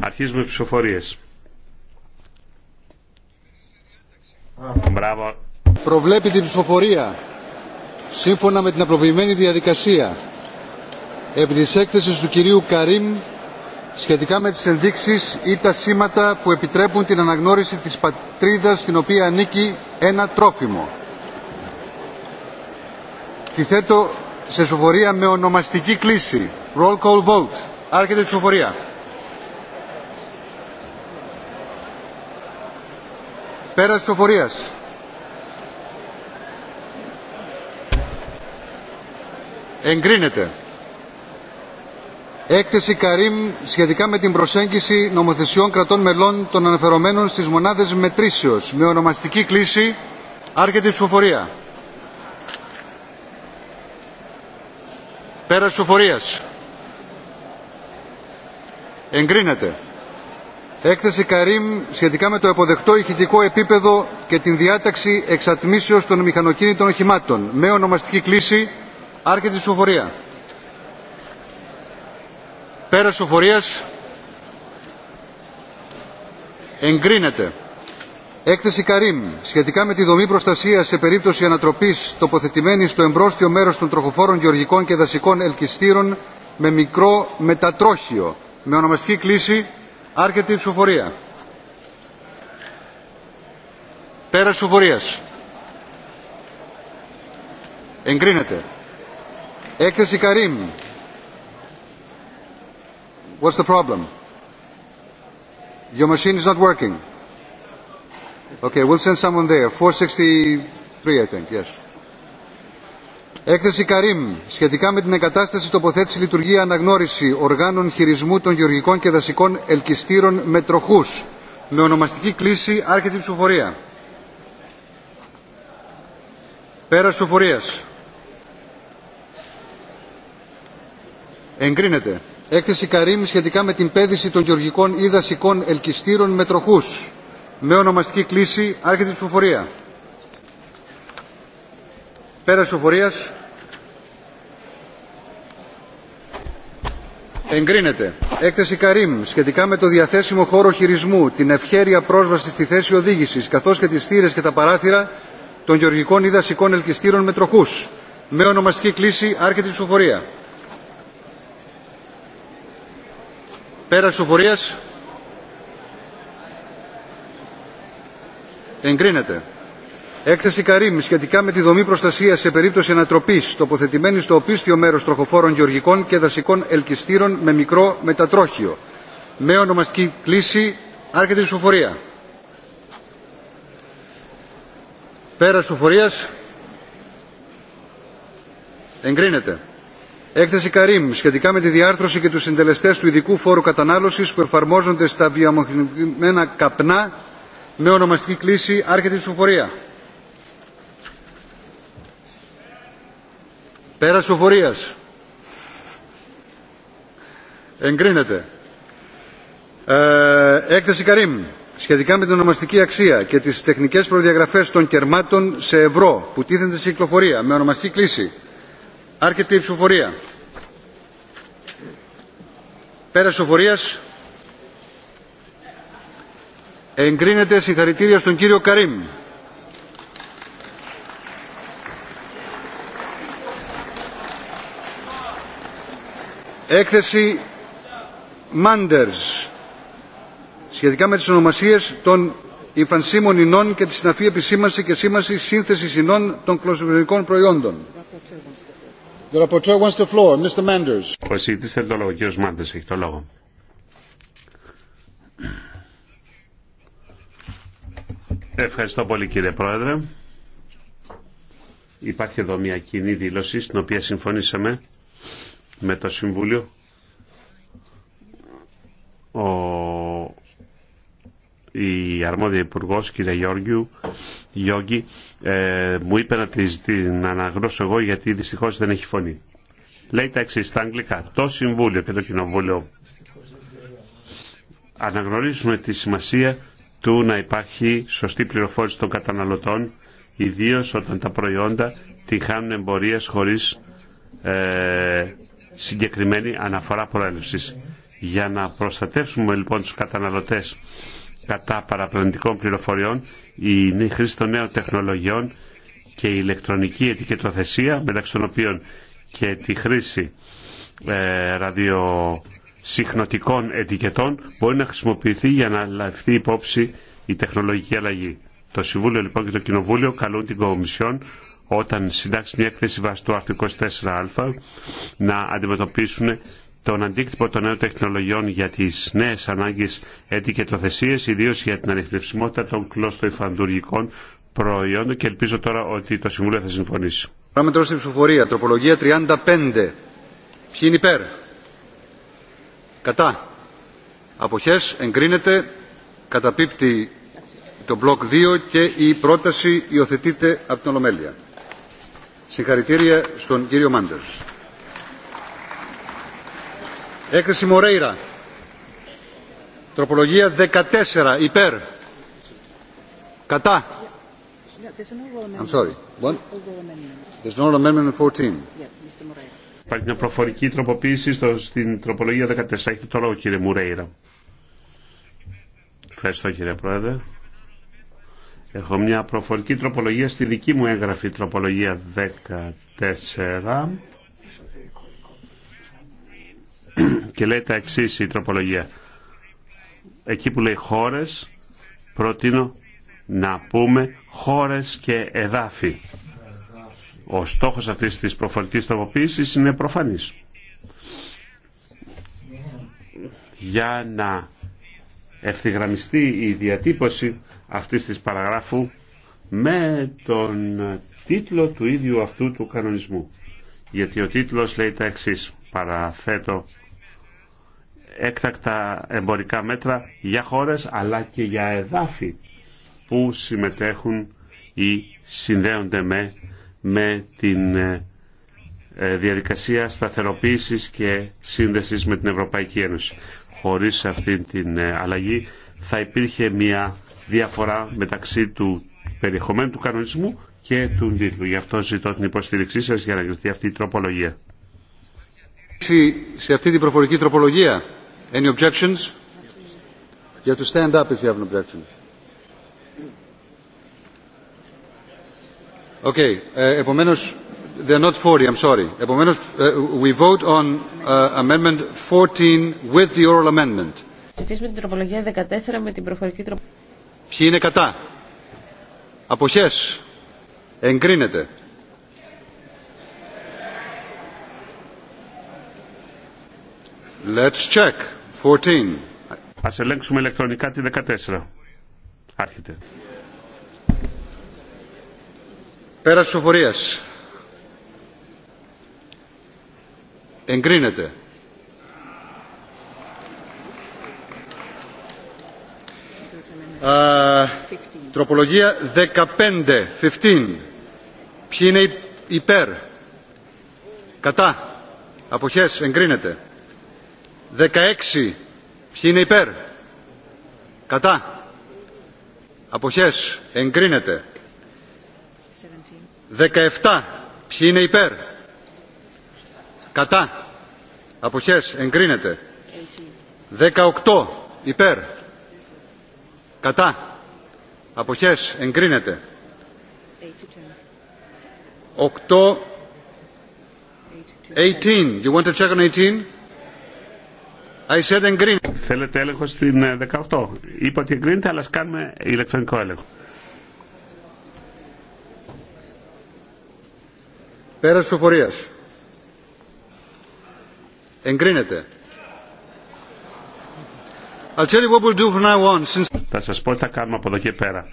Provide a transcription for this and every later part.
Αρχίζουμε τις ψηφοφορίες. Μπράβο. Προβλέπει την ψηφοφορία σύμφωνα με την απλοποιημένη διαδικασία επί της έκθεσης του κυρίου Καρίμ σχετικά με τις ενδείξεις ή τα σήματα που επιτρέπουν την αναγνώριση της πατρίδας στην οποία ανήκει ένα τρόφιμο. Τη θέτω σε ψηφοφορία με ονομαστική κλίση. Roll call vote. Άρχεται η ψηφοφορία. Πέρα της ψηφοφορίας. Εγκρίνεται. Έκθεση καρύμ σχετικά με την προσέγγιση νομοθεσιών κρατών μελών των αναφερομένων στις μονάδες μετρήσεως με ονομαστική κλίση άρχεται η ψηφοφορία. Πέρα ψηφοφορίας. Εγκρίνεται. Έκθεση Καρύμ σχετικά με το αποδεκτό ηχητικό επίπεδο και την διάταξη εξατμίσεως των μηχανοκίνητων οχημάτων. Με ονομαστική κλίση, άρχεται η ψηφοφορία. Πέρα σοφορίας. Εγκρίνεται. Έκθεση Καρύμ σχετικά με τη δομή προστασία σε περίπτωση ανατροπής τοποθετημένη στο εμπρόστιο μέρος των τροχοφόρων γεωργικών και δασικών ελκυστήρων με μικρό μετατρόχιο με ονομαστική κλίση άρκετη η ψηφοφορία. Πέρα ψηφοφορίας. Εγκρίνεται. Έκθεση Καρύμ. What's the problem? Your machine is not working. Okay, we'll send someone there. 463, I think, yes. Έκθεση Καρύμ σχετικά με την εγκατάσταση, τοποθέτηση, λειτουργία, αναγνώριση οργάνων χειρισμού των γεωργικών και δασικών ελκυστήρων με τροχούς. Με ονομαστική κλίση άρχεται η ψηφοφορία. Πέρα ψηφοφορίας. Εγκρίνεται. Έκθεση Καρύμ σχετικά με την πέδηση των γεωργικών ή δασικών ελκυστήρων με τροχούς. Με ονομαστική κλίση άρχεται η ψηφοφορία. Πέρας οφορίας. Εγκρίνεται. Έκθεση Καρύμ σχετικά με το διαθέσιμο χώρο χειρισμού, την ευχέρεια πρόσβαση στη θέση οδήγηση καθώ και τι θύρε και τα παράθυρα των γεωργικών ή δασικών ελκυστήρων με τροχού. Με ονομαστική κλίση άρχεται η ψηφοφορία. Πέρα ψηφοφορία. Εγκρίνεται. Έκθεση Καρύμ σχετικά με τη δομή προστασία σε περίπτωση ανατροπή τοποθετημένη στο οπίστιο μέρο τροχοφόρων γεωργικών και δασικών ελκυστήρων με μικρό μετατρόχιο. Με ονομαστική κλίση άρχεται η ψηφοφορία. Πέρα ψηφοφορία. Εγκρίνεται. Έκθεση Καρύμ σχετικά με τη διάρθρωση και του συντελεστέ του ειδικού φόρου κατανάλωση που εφαρμόζονται στα βιομηχανικά καπνά. Με ονομαστική κλίση άρχεται η ψηφοφορία. Πέρα οφορίας, Εγκρίνεται. Ε, έκθεση Καρίμ. Σχετικά με την ονομαστική αξία και τις τεχνικές προδιαγραφές των κερμάτων σε ευρώ που τίθενται σε κυκλοφορία με ονομαστική κλίση. Άρχεται η ψηφοφορία. Πέρα οφορίας, Εγκρίνεται συγχαρητήρια στον κύριο Καρίμ. έκθεση Manders σχετικά με τις ονομασίες των υφανσίμων ινών και τη συναφή επισήμαση και σήμανση σύνθεση ινών των κλωστοβιωτικών προϊόντων. The rapporteur wants the floor. Mr. Manders. Ο εισηγητής θέλει το λόγο. Ο κύριος Μάντερς έχει το λόγο. Ευχαριστώ πολύ κύριε Πρόεδρε. Υπάρχει εδώ μια κοινή δήλωση στην οποία συμφωνήσαμε με το Συμβούλιο. Ο... Η αρμόδια υπουργό, κυρία Γιώργιου, Γιώργη, ε, μου είπε να την αναγνώσω εγώ γιατί δυστυχώ δεν έχει φωνή. Λέει τα εξή στα αγγλικά. Το Συμβούλιο και το Κοινοβούλιο αναγνωρίζουμε τη σημασία του να υπάρχει σωστή πληροφόρηση των καταναλωτών, ιδίως όταν τα προϊόντα τη χάνουν εμπορία χωρί ε, συγκεκριμένη αναφορά προέλευσης. Για να προστατεύσουμε λοιπόν τους καταναλωτές κατά παραπλανητικών πληροφοριών, η χρήση των νέων τεχνολογιών και η ηλεκτρονική ετικετοθεσία, μεταξύ των οποίων και τη χρήση ε, ραδιοσυχνοτικών ετικετών, μπορεί να χρησιμοποιηθεί για να λαφθεί υπόψη η τεχνολογική αλλαγή. Το Συμβούλιο λοιπόν και το Κοινοβούλιο καλούν την Κομισιόν όταν συντάξει μια έκθεση βαστού του 24 24α να αντιμετωπίσουν τον αντίκτυπο των νέων τεχνολογιών για τις νέες ανάγκες τοθεσίες, ιδίως για την ανεχνευσιμότητα των κλωστοϊφαντουργικών προϊόντων και ελπίζω τώρα ότι το Συμβούλιο θα συμφωνήσει. Πάμε τώρα στην ψηφοφορία. Τροπολογία 35. Ποιοι είναι υπέρ. Κατά. Αποχές εγκρίνεται. Καταπίπτει το μπλοκ 2 και η πρόταση υιοθετείται από την Ολομέλεια. Συγχαρητήρια στον κύριο Μάντερς. Έκθεση Μορέιρα. Τροπολογία 14. Υπέρ. Κατά. I'm sorry. There's no amendment 14. Υπάρχει μια προφορική τροποποίηση στο, στην τροπολογία 14. Έχετε το λόγο κύριε Μουρέιρα. Ευχαριστώ κύριε Πρόεδρε. Έχω μια προφορική τροπολογία στη δική μου έγγραφη τροπολογία 14 και λέει τα εξής η τροπολογία. Εκεί που λέει χώρες προτείνω να πούμε χώρες και εδάφη. Ο στόχος αυτής της προφορικής τροποποίησης είναι προφανής. Για να ευθυγραμμιστεί η διατύπωση αυτής της παραγράφου με τον τίτλο του ίδιου αυτού του κανονισμού. Γιατί ο τίτλος λέει τα εξής, παραθέτω, έκτακτα εμπορικά μέτρα για χώρες αλλά και για εδάφη που συμμετέχουν ή συνδέονται με, με την ε, διαδικασία σταθεροποίησης και σύνδεσης με την Ευρωπαϊκή Ένωση. Χωρίς αυτή την ε, αλλαγή θα υπήρχε μια διαφορά μεταξύ του περιεχομένου του κανονισμού και του τίτλου. Γι' αυτό ζητώ την υποστήριξή σας για να γυρθεί αυτή η τροπολογία. Σε αυτή την προφορική τροπολογία, any objections? Για to stand up if you have an objection. Okay, uh, επομένως, they're not 40, I'm sorry. Επομένως, ε, we vote on uh, amendment 14 with the oral amendment. Ψηφίσουμε την τροπολογία 14 με την προφορική τροπολογία. Ποιοι είναι κατά. Αποχές. Εγκρίνεται. Let's check. 14. Ας ελέγξουμε ηλεκτρονικά τη 14. Άρχεται. Πέρα της εγκρίνεται. τροπολογία 15, 15. Ποιοι είναι υπέρ. Κατά. Αποχές. Εγκρίνεται. 16. Ποιοι είναι υπέρ. Κατά. Αποχές. Εγκρίνεται. 17. Ποιοι είναι υπέρ. Κατά. Αποχές. Εγκρίνεται. 18. Υπέρ Κατά. Αποχές. Εγκρίνεται. 8. 18. You want to check on 18? I said εγκρίνεται. Θέλετε έλεγχο στην 18. Ε, Είπα ότι εγκρίνεται, αλλά κάνουμε ηλεκτρονικό έλεγχο. Πέρας ψηφοφορίας. Εγκρίνεται. Θα σας πω τι θα κάνουμε από εδώ και πέρα.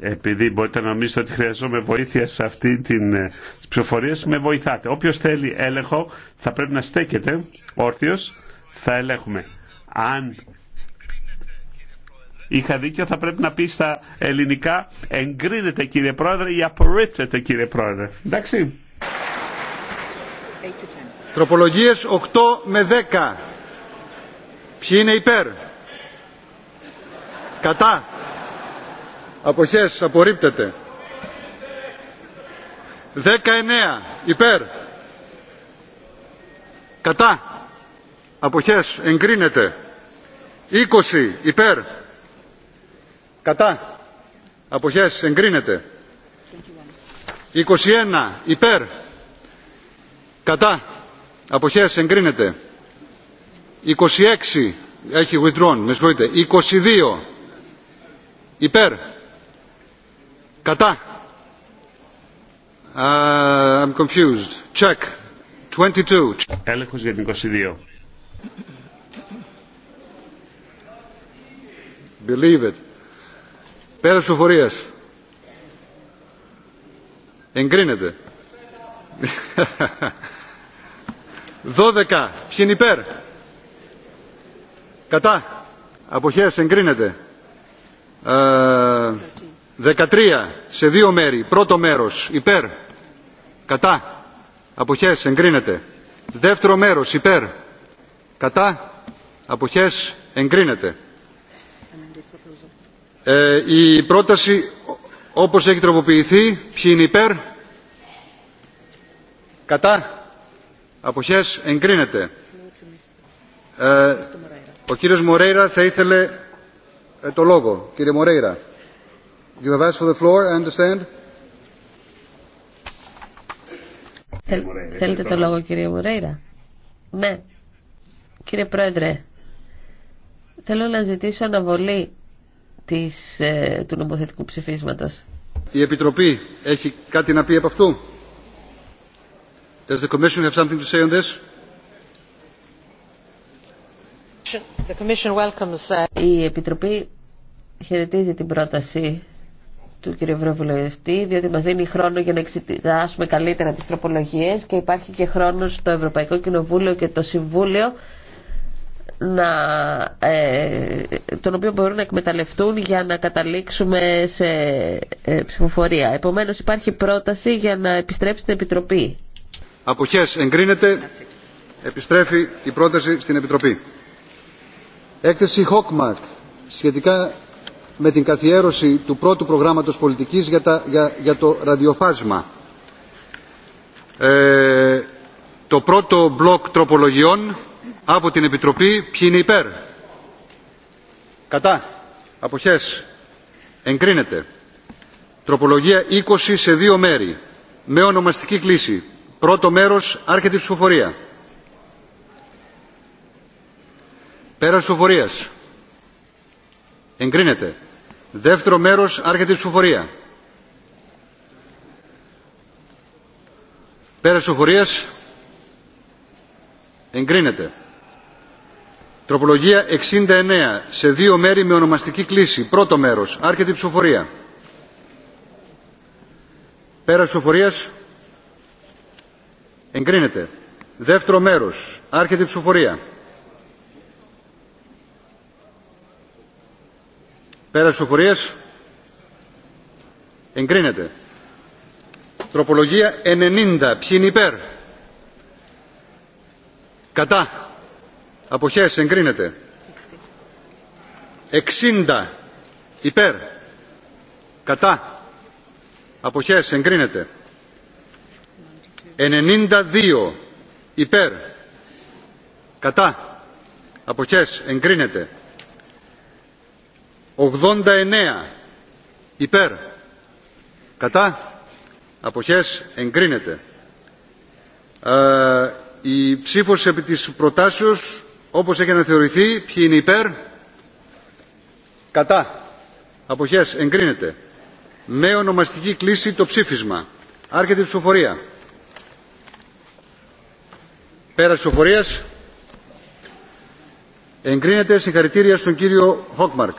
Επειδή μπορείτε να νομίζετε ότι χρειαζόμαι βοήθεια σε αυτή την ε, ψηφοφορία, με βοηθάτε. Όποιο θέλει έλεγχο θα πρέπει να στέκεται όρθιο, θα ελέγχουμε. Αν είχα δίκιο θα πρέπει να πει στα ελληνικά εγκρίνεται κύριε Πρόεδρε ή απορρίπτεται κύριε Πρόεδρε. Εντάξει. Τροπολογίες 8 με 10. Ποιοι είναι υπέρ. Κατά. Αποχές. Απορρίπτεται. 19. Υπέρ. Κατά. Αποχές. Εγκρίνεται. 20. Υπέρ. Κατά. Αποχές. Εγκρίνεται. 21. Υπέρ. Κατά. Αποχές. Εγκρίνεται. 26. Έχει withdrawn. Με συγχωρείτε. 22 υπέρ κατά uh, I'm confused check 22 έλεγχος για την 22 believe it πέρας οφορίας εγκρίνεται 12 ποιοι είναι υπέρ κατά αποχές εγκρίνεται 13 ε, σε δύο μέρη. Πρώτο μέρος υπέρ. Κατά. Αποχές εγκρίνεται. Δεύτερο μέρος υπέρ. Κατά. Αποχές εγκρίνεται. Ε, η πρόταση όπως έχει τροποποιηθεί, ποιοι είναι υπέρ, κατά, αποχές εγκρίνεται. Ε, ο κύριος Μορέιρα θα ήθελε ε, το λόγο. Κύριε Μορέιρα. You have asked for the floor, I understand. Θέλετε το λόγο κύριε Μουρέιρα. Ναι. Κύριε Πρόεδρε, θέλω να ζητήσω αναβολή της, ε, του νομοθετικού ψηφίσματος. Η Επιτροπή έχει κάτι να πει από αυτού. Does the Commission have something to say on this? The Commission welcomes... Uh, Η Επιτροπή χαιρετίζει την πρόταση του κύριου Ευρωβουλευτή, διότι μας δίνει χρόνο για να εξετάσουμε καλύτερα τις τροπολογίες και υπάρχει και χρόνο στο Ευρωπαϊκό Κοινοβούλιο και το Συμβούλιο να, ε, τον οποίο μπορούν να εκμεταλλευτούν για να καταλήξουμε σε ε, ψηφοφορία. Επομένως υπάρχει πρόταση για να επιστρέψει στην Επιτροπή. Αποχές εγκρίνεται. Επιστρέφει η πρόταση στην Επιτροπή. Έκθεση Χόκμαρκ σχετικά με την καθιέρωση του πρώτου προγράμματος πολιτικής για, τα, για, το ραδιοφάσμα. Ε, το πρώτο μπλοκ τροπολογιών από την Επιτροπή ποιοι είναι υπέρ. Κατά. Αποχές. Εγκρίνεται. Τροπολογία 20 σε δύο μέρη. Με ονομαστική κλίση. Πρώτο μέρος άρχεται η ψηφοφορία. Πέρα ψηφοφορίας. Εγκρίνεται. Δεύτερο μέρος άρχεται η ψηφοφορία. Πέρα ψηφοφορίας. Εγκρίνεται. Τροπολογία 69 σε δύο μέρη με ονομαστική κλίση. Πρώτο μέρος άρχεται η ψηφοφορία. Πέρα ψηφοφορίας. Εγκρίνεται. Δεύτερο μέρος άρχεται η ψηφοφορία. Πέρα ψηφοφορίες. Εγκρίνεται. Τροπολογία 90. Ποιοι είναι υπέρ. Κατά. Αποχές. Εγκρίνεται. 60. Υπέρ. Κατά. Αποχές. Εγκρίνεται. 92. Υπέρ. Κατά. Αποχές. Εγκρίνεται. 89 υπέρ κατά αποχές εγκρίνεται ε, η ψήφος επί της προτάσεως όπως έχει αναθεωρηθεί ποιοι είναι υπέρ κατά αποχές εγκρίνεται με ονομαστική κλίση το ψήφισμα άρχεται η ψηφοφορία πέρας ψηφοφορίας εγκρίνεται συγχαρητήρια στον κύριο Χόκμαρκ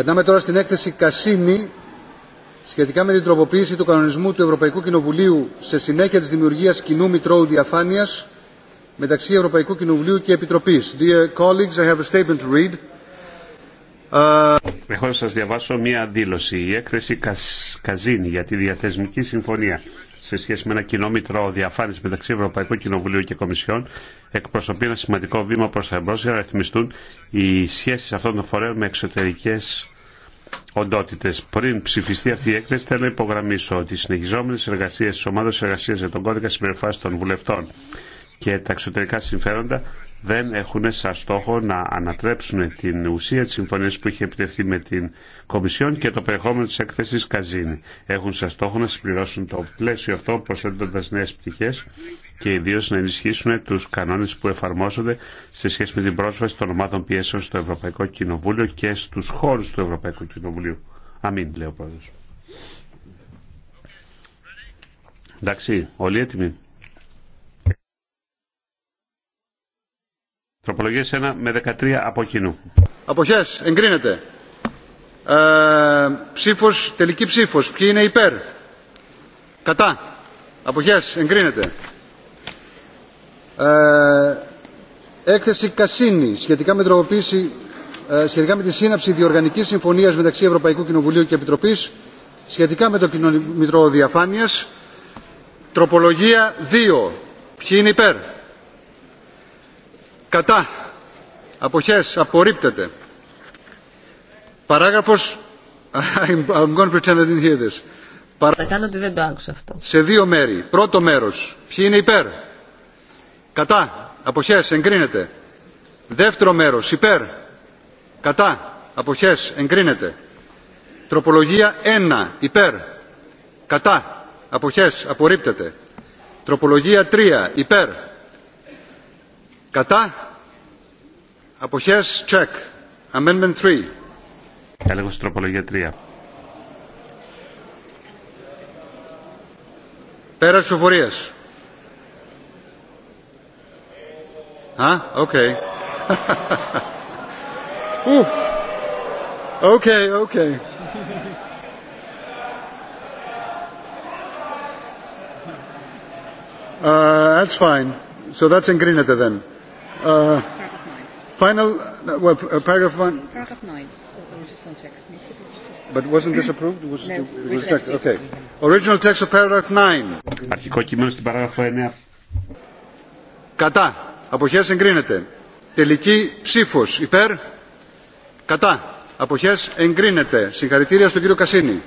Περνάμε τώρα στην έκθεση Κασίνη σχετικά με την τροποποίηση του κανονισμού του Ευρωπαϊκού Κοινοβουλίου σε συνέχεια της δημιουργίας κοινού μητρώου διαφάνειας μεταξύ Ευρωπαϊκού Κοινοβουλίου και Επιτροπής. Dear colleagues, I have a statement to read. να σας διαβάσω μία δήλωση. Η έκθεση Καζίνη για τη διαθεσμική συμφωνία σε σχέση με ένα κοινό μητρώο διαφάνειας μεταξύ Ευρωπαϊκού Κοινοβουλίου και Κομισιόν εκπροσωπεί ένα σημαντικό βήμα προς τα εμπρός για να ρυθμιστούν οι σχέσεις αυτών των φορέων με εξωτερικές οντότητες. Πριν ψηφιστεί αυτή η έκθεση θέλω να υπογραμμίσω ότι οι συνεχιζόμενες εργασίες της ομάδας εργασίας για τον κώδικα Συμπεριφάσεις των βουλευτών και τα εξωτερικά συμφέροντα δεν έχουν σαν στόχο να ανατρέψουν την ουσία της συμφωνίας που είχε επιτευχθεί με την Κομισιόν και το περιεχόμενο της έκθεσης Καζίνη. Έχουν σαν στόχο να συμπληρώσουν το πλαίσιο αυτό προσθέτοντας νέες πτυχές και ιδίω να ενισχύσουν του κανόνε που εφαρμόζονται σε σχέση με την πρόσβαση των ομάδων πιέσεων στο Ευρωπαϊκό Κοινοβούλιο και στου χώρου του Ευρωπαϊκού Κοινοβουλίου. Αμήν, λέει ο πρόεδρο. Εντάξει, όλοι έτοιμοι. Τροπολογίες 1 με 13 από κοινού. Αποχές. Εγκρίνεται. Ε, ψήφος, τελική ψήφος. Ποιοι είναι υπέρ. Κατά. Αποχές. Εγκρίνεται. Ε, έκθεση Κασίνη σχετικά με, τροποποίηση, ε, σχετικά με τη σύναψη διοργανικής συμφωνίας μεταξύ Ευρωπαϊκού Κοινοβουλίου και Επιτροπής σχετικά με το κοινόμητρο διαφάνειας. Τροπολογία 2. Ποιοι είναι υπέρ κατά αποχές απορρίπτεται παράγραφος I'm, going to pretend I didn't hear this. Θα κάνω ότι δεν το άκουσα αυτό. Σε δύο μέρη. Πρώτο μέρος. Ποιοι είναι υπέρ. Κατά. Αποχές. Εγκρίνεται. Δεύτερο μέρος. Υπέρ. Κατά. Αποχές. Εγκρίνεται. Τροπολογία 1. Υπέρ. Κατά. Αποχές. Απορρίπτεται. Τροπολογία 3. Υπέρ Κατά. Αποχές. Check. Amendment 3. Έλεγχος τροπολογία 3. Πέρας οφορίας. Α, οκ. Οκ, οκ. Uh, that's fine. So that's εγκρίνεται then. Uh, final, uh, well, uh, paragraph one. Paragraph nine. But wasn't this approved? Was no, rejected. Okay. Original text of paragraph 9. Αρχικό κείμενο στην παράγραφο 9. Κατά. Αποχές εγκρίνεται. Τελική ψήφος υπέρ. Κατά. Αποχές εγκρίνεται. Συγχαρητήρια στον κύριο Κασίνη.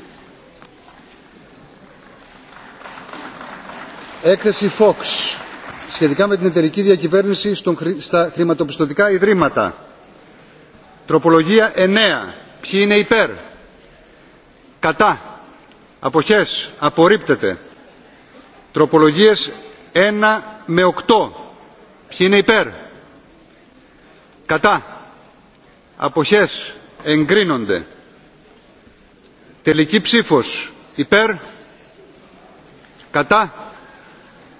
Έκθεση Fox σχετικά με την εταιρική διακυβέρνηση στα χρηματοπιστωτικά ιδρύματα. Τροπολογία 9. Ποιοι είναι υπέρ. Κατά. Αποχές. Απορρίπτεται. Τροπολογίες 1 με 8. Ποιοι είναι υπέρ. Κατά. Αποχές. Εγκρίνονται. Τελική ψήφος. Υπέρ. Κατά.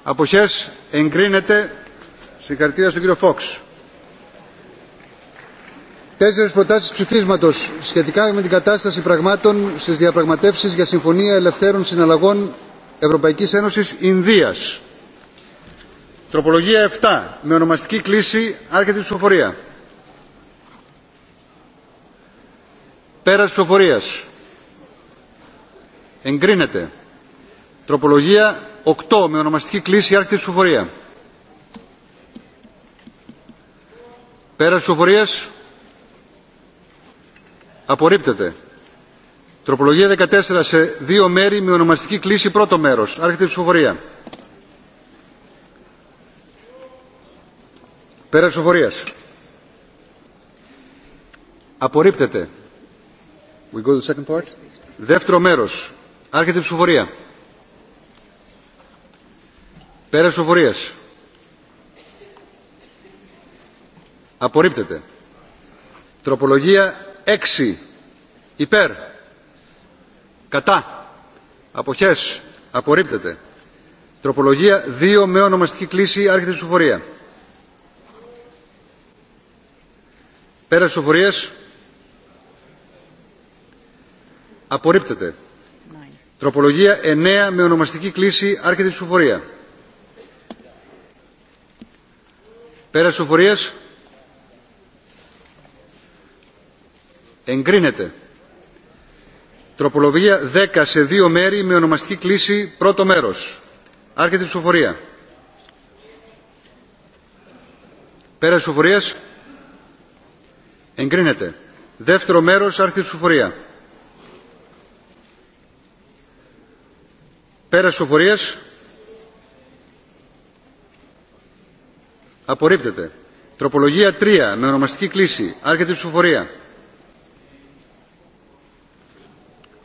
Αποχές εγκρίνεται. Συγχαρητήρια στον κύριο Φόξ. Τέσσερι προτάσει ψηφίσματο σχετικά με την κατάσταση πραγμάτων στι διαπραγματεύσει για Συμφωνία Ελευθέρων Συναλλαγών Ευρωπαϊκή Ένωση Ινδία. Τροπολογία 7. Με ονομαστική κλίση άρχεται η ψηφοφορία. Πέρα ψηφοφορία. Εγκρίνεται. Τροπολογία 8 με ονομαστική κλίση άρχεται ψηφοφορία. Πέρα ψηφοφορία. Απορρίπτεται. Τροπολογία 14 σε δύο μέρη με ονομαστική κλίση πρώτο μέρος. Άρχεται η ψηφοφορία. Πέρα ψηφοφορία. Απορρίπτεται. We go to the second part. Δεύτερο μέρος. Άρχεται η ψηφοφορία. Πέρας οφορία. Απορρίπτεται. Τροπολογία 6. Υπέρ. Κατά. Αποχές. Απορρίπτεται. Τροπολογία 2 με ονομαστική κλίση άρχεται ψηφοφορία. Πέραση οφορία. Απορρίπτεται. Τροπολογία 9 με ονομαστική κλίση άρχεται ψηφοφορία. Πέρα ψηφοφορίας. Εγκρίνεται. Τροπολογία 10 σε δύο μέρη με ονομαστική κλίση πρώτο μέρος. Άρχεται η ψηφοφορία. Πέρα ψηφοφορίας. Εγκρίνεται. Δεύτερο μέρος άρχεται η ψηφοφορία. Πέρα ψηφοφορίας. Απορρίπτεται. Τροπολογία 3. Με ονομαστική κλίση. Άρχεται η ψηφοφορία.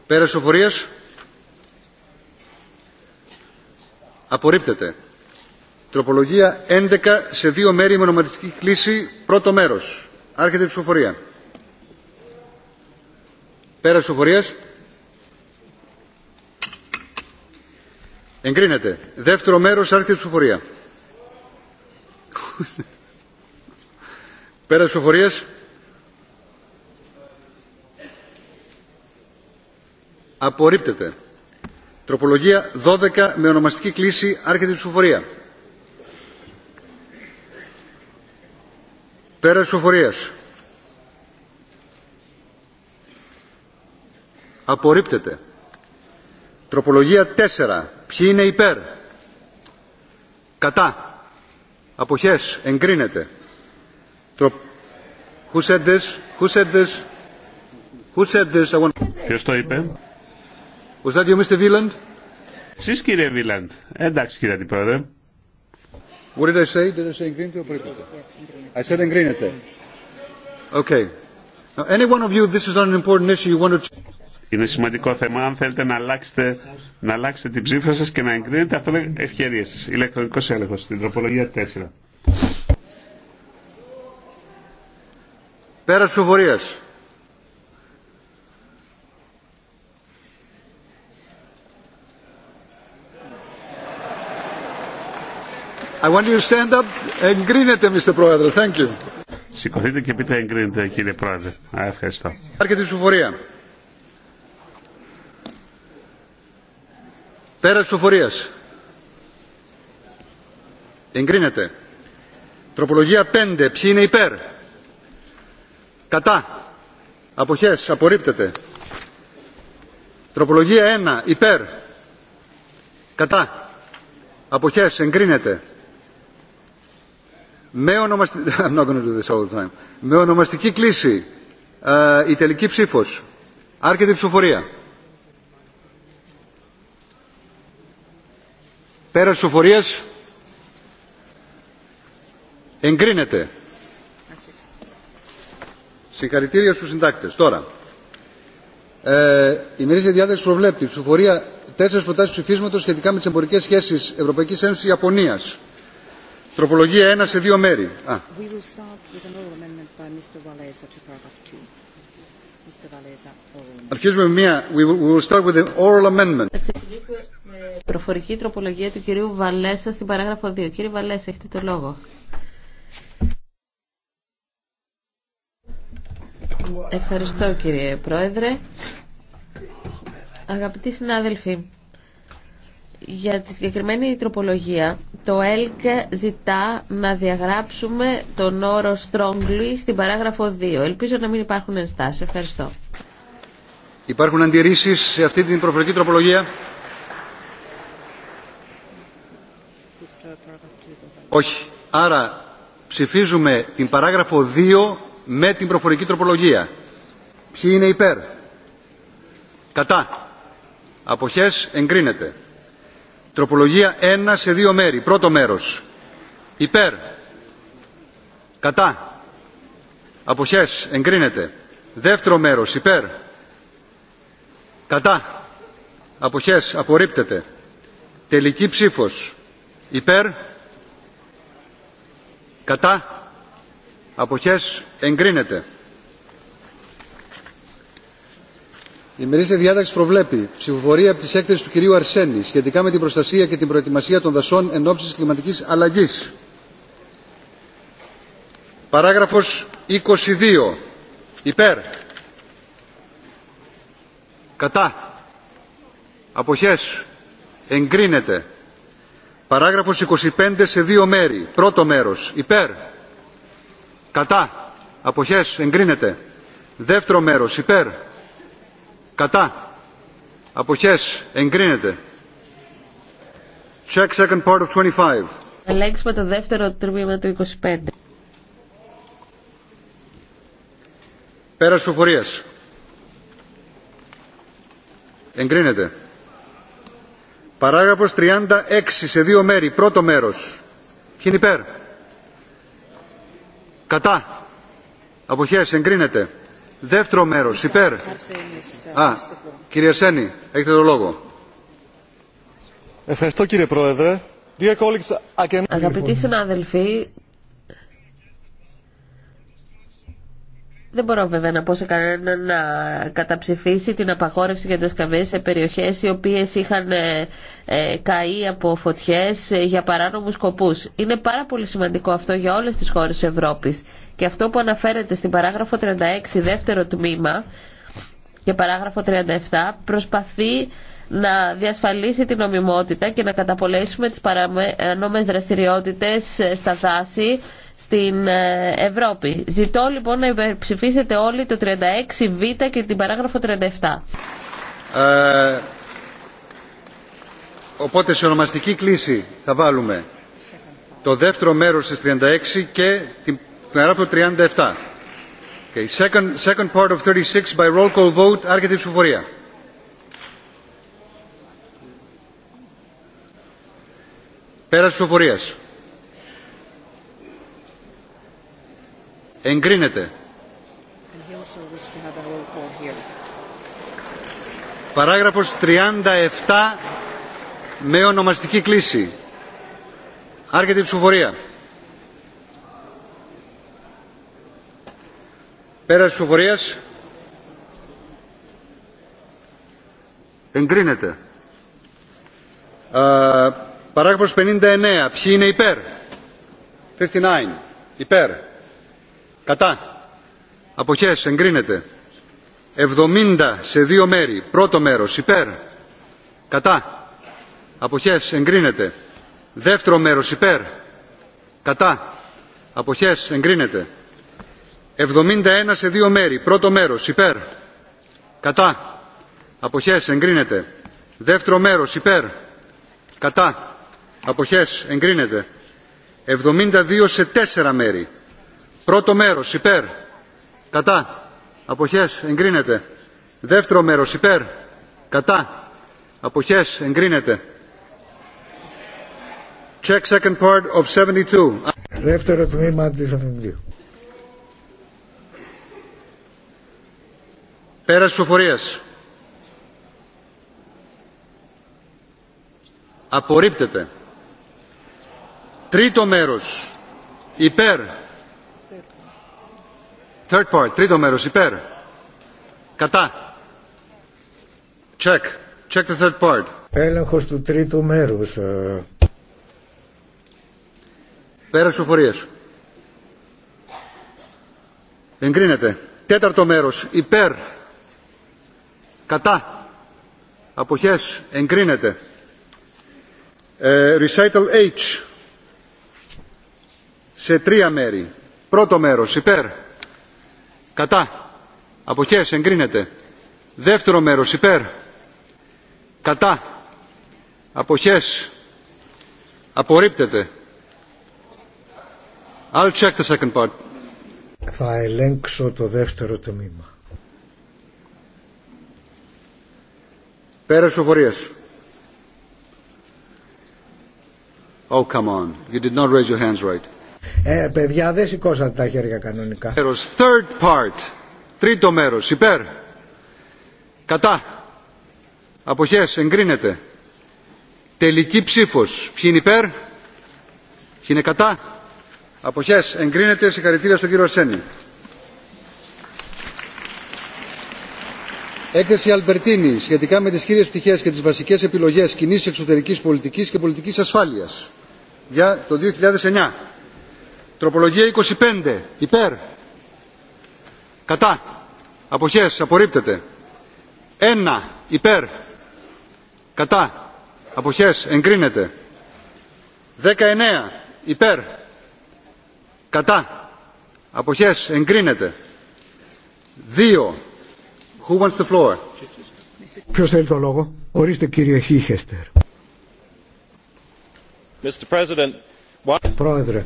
Πέρα ψηφοφορία. Απορρίπτεται. Τροπολογία 11 σε δύο μέρη με ονομαστική κλίση. Πρώτο μέρος. Άρχεται η ψηφοφορία. Πέρα ψηφοφορία. Εγκρίνεται. Δεύτερο μέρος. Άρχεται η ψηφοφορία. Πέρα τη Απορρίπτεται. Τροπολογία 12 με ονομαστική κλίση άρχεται η ψηφοφορία. Πέρα της ψηφοφορίας. Απορρίπτεται. Τροπολογία 4. Ποιοι είναι υπέρ. Κατά. Αποχές. Εγκρίνεται. Τρο... Who said this? Who said this? Who said this? I want... Ποιος το είπε? Was that you, Mr. Wieland? Εσείς κύριε Βίλαντ. Εντάξει κύριε Αντιπρόεδρε. What did I say? Did I say εγκρίνεται or απορρίπτεται? I said εγκρίνεται. Okay. Now, any one of you, this is not an important issue you want to... Είναι σημαντικό θέμα. Αν θέλετε να αλλάξετε, να αλλάξετε την ψήφα σα και να εγκρίνετε, αυτό είναι ευκαιρία σα. Ηλεκτρονικός έλεγχος, στην τροπολογία 4. Πέρα της ψηφοφορίας. I want you to stand up. Εγκρίνεται, Mr. Πρόεδρε. Thank you. Σηκωθείτε και πείτε εγκρίνεται, κύριε Πρόεδρε. Α, ευχαριστώ. Άρχεται ψηφοφορία. Πέρα ψηφοφορία. Εγκρίνεται. Τροπολογία 5. Ποιοι είναι υπέρ. Κατά. Αποχές. Απορρίπτεται. Τροπολογία 1. Υπέρ. Κατά. Αποχές. Εγκρίνεται. Με, ονομαστη... Με ονομαστική κλίση. Ε, η τελική ψήφος. αρκετή ψηφοφορία. Πέρα της οφορίας εγκρίνεται. Συγχαρητήρια στους συντάκτες. Τώρα, ε, η μερίσια διάταξη προβλέπει ψηφοφορία τέσσερις προτάσεις ψηφίσματος σχετικά με τις εμπορικές σχέσεις Ευρωπαϊκής Ένωσης Ιαπωνίας. Τροπολογία 1 σε δύο μέρη. Α. We will start with an oral amendment by Mr. to paragraph 2 με Προφορική τροπολογία του κυρίου Βαλέσα στην παράγραφο 2. Κύριε Βαλέσα, έχετε το λόγο. Ευχαριστώ κύριε Πρόεδρε. Αγαπητοί συνάδελφοι, για τη συγκεκριμένη τροπολογία το ΕΛΚ ζητά να διαγράψουμε τον όρο strongly στην παράγραφο 2. Ελπίζω να μην υπάρχουν ενστάσεις. Ευχαριστώ. Υπάρχουν αντιρρήσεις σε αυτή την προφορική τροπολογία. Όχι. Άρα ψηφίζουμε την παράγραφο 2 με την προφορική τροπολογία. Ποιοι είναι υπέρ. Κατά. Αποχές εγκρίνεται. Τροπολογία 1 σε δύο μέρη. Πρώτο μέρος. Υπέρ. Κατά. Αποχές. Εγκρίνεται. Δεύτερο μέρος. Υπέρ. Κατά. Αποχές. Απορρίπτεται. Τελική ψήφος. Υπέρ. Κατά. Αποχές. Εγκρίνεται. Η μερίστη διάταξη προβλέπει ψηφοφορία από τις έκθεση του κυρίου Αρσένη σχετικά με την προστασία και την προετοιμασία των δασών εν ώψη κλιματική αλλαγή. Παράγραφος 22. Υπέρ. Κατά. Αποχές. Εγκρίνεται. Παράγραφος 25 σε δύο μέρη. Πρώτο μέρος. Υπέρ. Κατά. Αποχές. Εγκρίνεται. Δεύτερο μέρος. Υπέρ κατά αποχές εγκρίνεται check second part of 25 ελέγξουμε το δεύτερο τμήμα του 25 πέρας ψηφοφορίας εγκρίνεται παράγραφος 36 σε δύο μέρη πρώτο μέρος ποιοι είναι υπέρ κατά αποχές εγκρίνεται Δεύτερο μέρος, υπέρ. Α, κύριε Σένη, έχετε το λόγο. Ευχαριστώ κύριε Πρόεδρε. Αγαπητοί συνάδελφοι, δεν μπορώ βέβαια να πω σε κανέναν να καταψηφίσει την απαγόρευση για τις καμές σε περιοχές οι οποίες είχαν ε, ε, καεί από φωτιές ε, για παράνομους σκοπούς. Είναι πάρα πολύ σημαντικό αυτό για όλες τις χώρες Ευρώπης. Και αυτό που αναφέρεται στην παράγραφο 36 δεύτερο τμήμα και παράγραφο 37 προσπαθεί να διασφαλίσει την νομιμότητα και να καταπολέσουμε τις παρανόμες δραστηριότητες ε, στα δάση στην ε, Ευρώπη. Ζητώ λοιπόν να υπερψηφίσετε όλοι το 36β και την παράγραφο 37. Ε, οπότε σε ονομαστική κλίση θα βάλουμε το δεύτερο μέρος της 36 και την Παράγραφο 37. Okay. Second, second part of 36 by roll call vote. Άρχεται η ψηφοφορία. Πέρας ψηφοφορίας. Εγκρίνεται. Παράγραφος 37 με ονομαστική κλίση. Άρχεται η ψηφοφορία. Πέρα της φοβορίας. Εγκρίνεται. Ε, παράγραφος 59. Ποιοι είναι υπέρ. 59. Υπέρ. Κατά. Αποχές. Εγκρίνεται. 70 σε δύο μέρη. Πρώτο μέρος. Υπέρ. Κατά. Αποχές. Εγκρίνεται. Δεύτερο μέρος. Υπέρ. Κατά. Αποχές. Εγκρίνεται. 71 σε δύο μέρη. Πρώτο Πρώτο υπέρ. Κατά. Κατά. εγκρίνεται. Δεύτερο Δεύτερο υπέρ. Κατά. Αποχές εγκρίνεται. 72 σε τέσσερα μέρη. Πρώτο μέρο υπέρ. Κατά. Αποχέ, εγκρίνεται. Δεύτερο μέρο υπέρ. Κατά. Αποχέ, εγκρίνεται. Check second part of 72. Δεύτερο τμήμα Πέρας οφορία. Απορρίπτεται. Τρίτο μέρος. Υπέρ. Third part. Τρίτο μέρος. Υπέρ. Κατά. Check. Check the third part. Έλεγχος του τρίτου μέρους. Ε. Πέρας ψηφοφορίας. Εγκρίνεται. Τέταρτο μέρος. Υπέρ κατά αποχές εγκρίνεται ε, recital H σε τρία μέρη πρώτο μέρος υπέρ κατά αποχές εγκρίνεται δεύτερο μέρος υπέρ κατά αποχές απορρίπτεται I'll check the second part. Θα ελέγξω το δεύτερο τμήμα. Πέρας οφορία. Oh, come on. You did not raise your hands right. Ε, παιδιά, δεν σηκώσατε τα χέρια κανονικά. third part. Τρίτο μέρος, υπέρ. Κατά. Αποχές, εγκρίνεται. Τελική ψήφος. Ποιοι είναι υπέρ. Ποιοι είναι κατά. Αποχές, εγκρίνεται. Συγχαρητήρια στον κύριο Αρσένη. Έκθεση Αλμπερτίνη σχετικά με τι κύριε πτυχέ και τι βασικέ επιλογέ κοινή εξωτερική πολιτική και πολιτική ασφάλεια για το 2009. Τροπολογία 25. Υπέρ. Κατά. Αποχέ. Απορρίπτεται. 1. Υπέρ. Κατά. Αποχέ. Εγκρίνεται. 19. Υπέρ. Κατά. Αποχέ. Εγκρίνεται. 2 Ποιος θέλει το λόγο. Ορίστε κύριε Χίχεστερ. Πρόεδρε,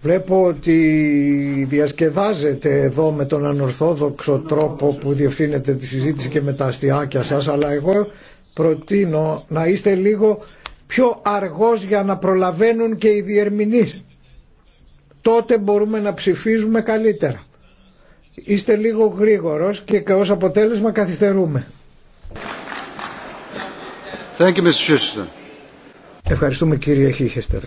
βλέπω ότι διασκεδάζετε εδώ με τον ανορθόδοξο τρόπο που διευθύνεται τη συζήτηση και με τα αστιάκια σας, αλλά εγώ προτείνω να είστε λίγο πιο αργός για να προλαβαίνουν και οι διερμηνείς. Τότε μπορούμε να ψηφίζουμε καλύτερα. Είστε λίγο γρήγορος και ως αποτέλεσμα καθυστερούμε. Thank you, Mr. Ευχαριστούμε κύριε Χίχεστερ.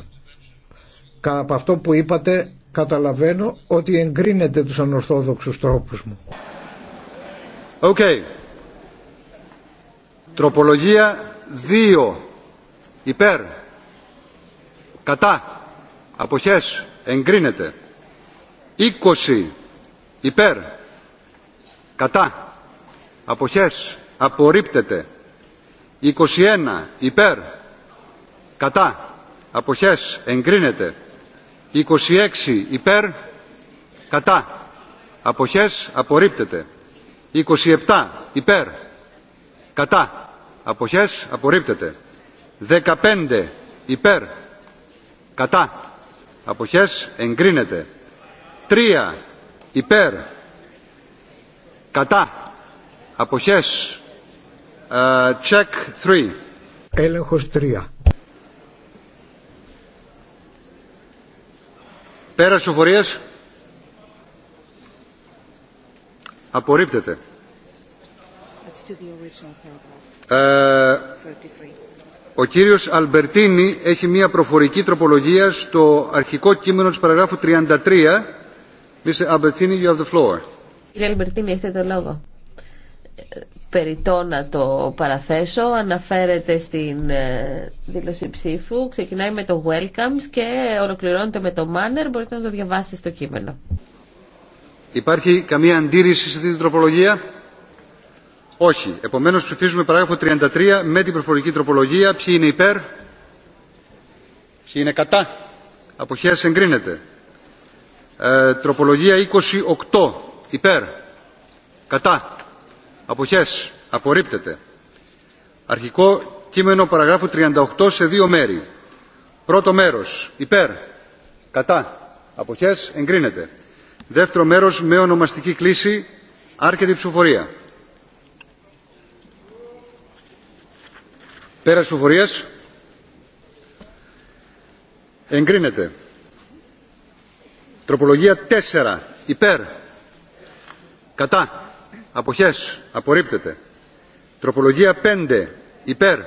Κατά αυτό που είπατε καταλαβαίνω ότι εγκρίνετε τους ανορθόδοξους τρόπους μου. Okay. Τροπολογία 2. Υπέρ. Κατά. Αποχές. Εγκρίνεται. Είκοσι υπέρ κατά αποχές απορρίπτεται 21 υπέρ κατά αποχές εγκρίνεται 26 υπέρ κατά αποχές απορρίπτεται 27 υπέρ κατά αποχές απορρίπτεται 15 υπέρ κατά αποχές εγκρίνεται 3 υπέρ κατά αποχές ε, check 3 έλεγχος 3 πέρας σοφορίας απορρίπτεται ε, ο κύριος Αλμπερτίνη έχει μια προφορική τροπολογία στο αρχικό κείμενο της παραγράφου 33 Κύριε Αλμπερτίνη, έχετε το λόγο. Περιτώ να το παραθέσω. Αναφέρεται στην ε, δήλωση ψήφου. Ξεκινάει με το Welcomes και ολοκληρώνεται με το Manner. Μπορείτε να το διαβάσετε στο κείμενο. Υπάρχει καμία αντίρρηση σε αυτή την τροπολογία? Όχι. Επομένως ψηφίζουμε παράγραφο 33 με την προφορική τροπολογία. Ποιοι είναι υπέρ? Ποιοι είναι κατά? εγκρίνεται. Ε, τροπολογία 28. Υπέρ. Κατά. Αποχές. Απορρίπτεται. Αρχικό κείμενο παραγράφου 38 σε δύο μέρη. Πρώτο μέρος. Υπέρ. Κατά. Αποχές. Εγκρίνεται. Δεύτερο μέρος με ονομαστική κλίση. Άρκετη ψηφοφορία. Πέρα ψηφοφορίας. Εγκρίνεται. Τροπολογία 4. Υπέρ. Κατά. Αποχές. Απορρίπτεται. Τροπολογία 5. Υπέρ.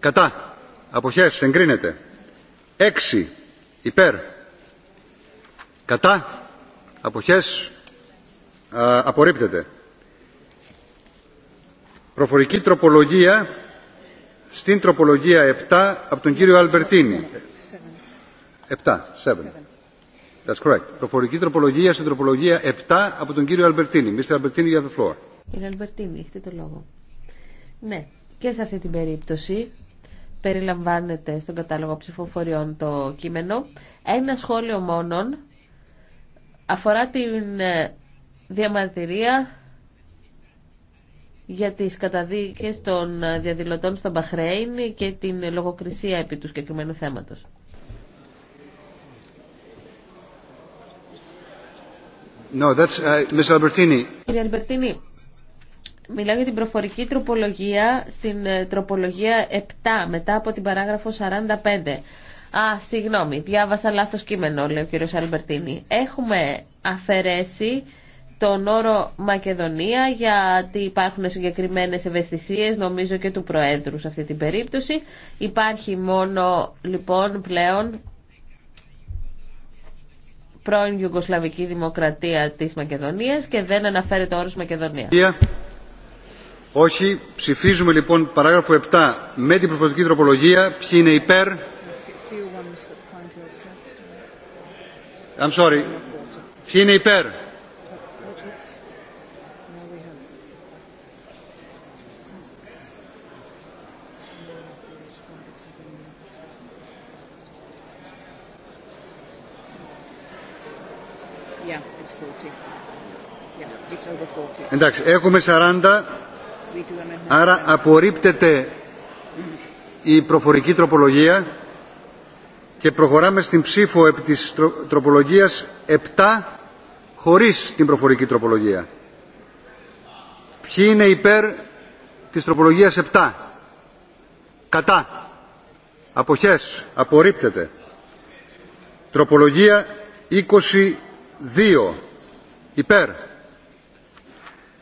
Κατά. Αποχές. Εγκρίνεται. 6. Υπέρ. Κατά. Αποχές. Α, απορρίπτεται. Προφορική τροπολογία στην τροπολογία 7 από τον κύριο Αλβερτίνη. 7. 7. That's correct. Προφορική τροπολογία στην τροπολογία 7 από τον κύριο Αλμπερτίνη. Mr. Αλμπερτίνη, Κύριε Αλμπερτίνη, έχετε το λόγο. Ναι, και σε αυτή την περίπτωση περιλαμβάνεται στον κατάλογο ψηφοφοριών το κείμενο. Ένα σχόλιο μόνο αφορά την ε, διαμαρτυρία για τις καταδίκες των ε, διαδηλωτών στο Μπαχρέιν και την λογοκρισία επί του συγκεκριμένου θέματος. No, that's, uh, Κύριε Αλμπερτίνη, μιλάω για την προφορική τροπολογία στην ε, τροπολογία 7 μετά από την παράγραφο 45. Α, συγγνώμη, διάβασα λάθος κείμενο, λέει ο κύριος Αλμπερτίνη. Έχουμε αφαιρέσει τον όρο Μακεδονία γιατί υπάρχουν συγκεκριμένες ευαισθησίες νομίζω και του Προέδρου σε αυτή την περίπτωση. Υπάρχει μόνο λοιπόν πλέον πρώην Ιουγκοσλαβική Δημοκρατία της Μακεδονίας και δεν αναφέρεται το όρος Μακεδονία. Όχι. Ψηφίζουμε λοιπόν παράγραφο 7 με την προφορική τροπολογία. Ποιοι είναι υπέρ. I'm sorry. Ποιοι είναι υπέρ. Εντάξει, έχουμε 40, άρα απορρίπτεται η προφορική τροπολογία και προχωράμε στην ψήφο επί της τροπολογίας 7 χωρίς την προφορική τροπολογία. Ποιοι είναι υπέρ της τροπολογίας 7. Κατά. Αποχές. Απορρίπτεται. Τροπολογία 22. Υπέρ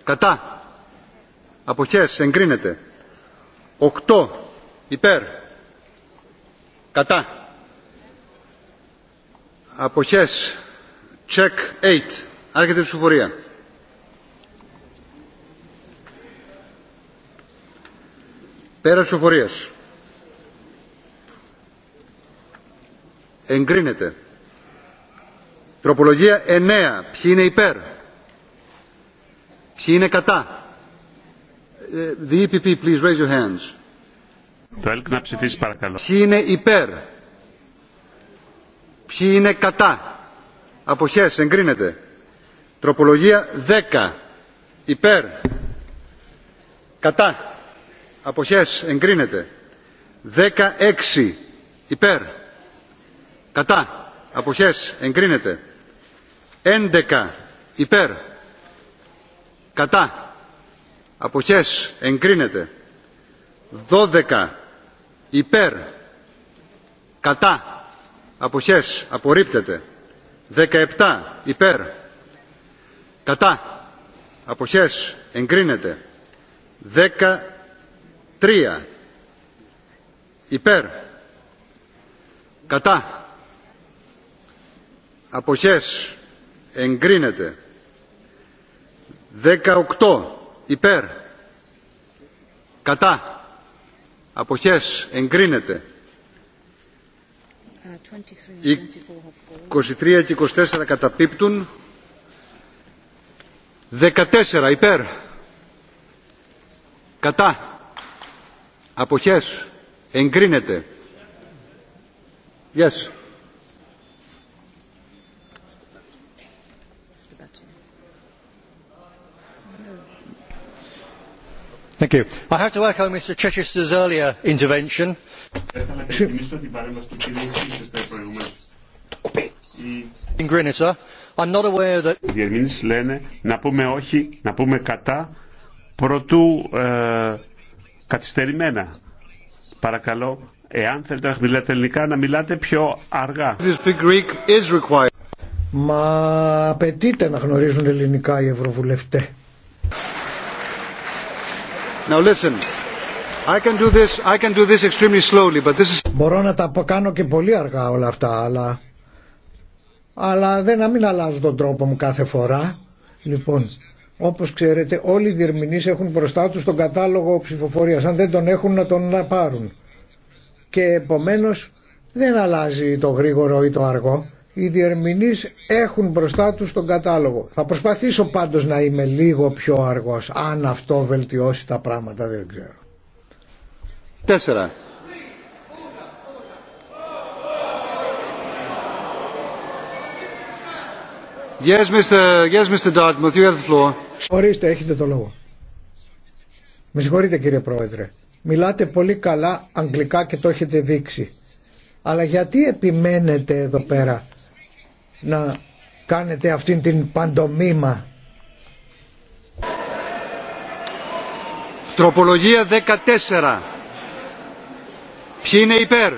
κατά αποχές εγκρίνεται Οκτώ. υπέρ κατά αποχές check 8 άρχεται η ψηφοφορία πέρα ψηφοφορίας εγκρίνεται τροπολογία 9 ποιοι είναι υπέρ Ποιοι είναι κατά. Ε, the e please raise your hands. παρακαλώ. Ποιοι είναι υπέρ. Ποιοι είναι κατά. Αποχές, εγκρίνεται. Τροπολογία 10. Υπέρ. Κατά. Αποχές, εγκρίνεται. 16. Υπέρ. Κατά. Αποχές, εγκρίνεται. 11. Υπέρ κατά αποχές εγκρίνεται 12 υπέρ κατά αποχές απορρίπτεται 17 υπέρ κατά αποχές εγκρίνεται 13 υπέρ κατά αποχές εγκρίνεται 18 υπέρ κατά αποχές εγκρίνεται 23 uh, και 24 καταπίπτουν 14 υπέρ κατά αποχές εγκρίνεται yes I have to echo Mr. Chichester's earlier intervention. In Grinita, I'm not aware that. Οι διερμηνεί λένε να πούμε όχι, να πούμε κατά, προτού ε, καθυστερημένα. Παρακαλώ, εάν θέλετε να μιλάτε ελληνικά, να μιλάτε πιο αργά. Μα απαιτείται να γνωρίζουν ελληνικά οι ευρωβουλευτές. Now listen. Μπορώ να τα κάνω και πολύ αργά όλα αυτά, αλλά... Αλλά δεν να μην αλλάζω τον τρόπο μου κάθε φορά. Λοιπόν, όπως ξέρετε όλοι οι διερμηνείς έχουν μπροστά τους τον κατάλογο ψηφοφορίας. Αν δεν τον έχουν να τον πάρουν. Και επομένως δεν αλλάζει το γρήγορο ή το αργό οι διερμηνείς έχουν μπροστά τους τον κατάλογο. Θα προσπαθήσω πάντως να είμαι λίγο πιο αργός, αν αυτό βελτιώσει τα πράγματα, δεν ξέρω. Τέσσερα. Yes, Mr. Yes, Mr. Dartmouth, you have the floor. Ορίστε, έχετε το λόγο. Με συγχωρείτε κύριε Πρόεδρε. Μιλάτε πολύ καλά αγγλικά και το έχετε δείξει. Αλλά γιατί επιμένετε εδώ πέρα να κάνετε αυτήν την παντομήμα. Τροπολογία 14. Ποιοι είναι υπέρ.